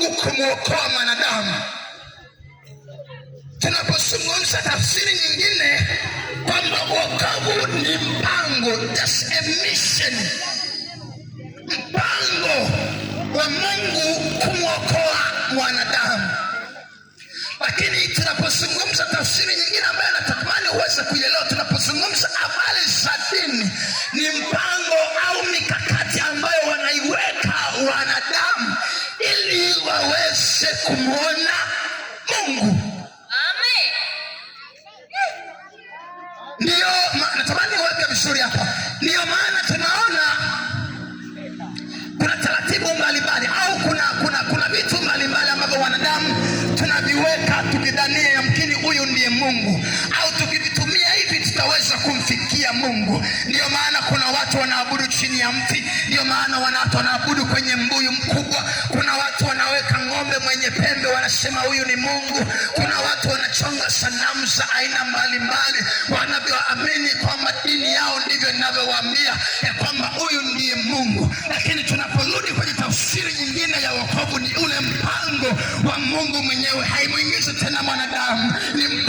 Mungu kumwokoa mwanadamu. Tunapozungumza tafsiri nyingine kwamba wokovu ni mpango, that's a mission, mpango wa Mungu kumwokoa mwanadamu. Lakini tunapozungumza tafsiri nyingine ambayo natamani uweze kuielewa, tunapozungumza habari za dini, ni mpango au mikakati ambayo wanaiweka wanadamu ili waweze kumwona Mungu. Ndiyo natamani weke vizuri hapa, ndiyo maana tunaona kuna taratibu mbalimbali au kuna kuna kuna vitu mbalimbali ambavyo wanadamu tunaviweka tukidhania yamkini huyu ndiye Mungu au tukivitumia hivi tutaweza kumfikia kumwapia Mungu. Ndiyo maana kuna watu wanaabudu chini ya mti, ndiyo maana watu wanaabudu kwenye mbuyu mkubwa. Kuna watu wanaweka ng'ombe mwenye pembe, wanasema huyu ni Mungu. Kuna watu wanachonga sanamu za aina mbalimbali, wanavyoamini kwamba dini yao ndivyo inavyowaambia ya kwamba huyu ndiye Mungu. Lakini tunaporudi kwenye tafsiri nyingine ya wokovu, ni ule mpango wa Mungu mwenyewe, haimwingizi tena mwanadamu, ni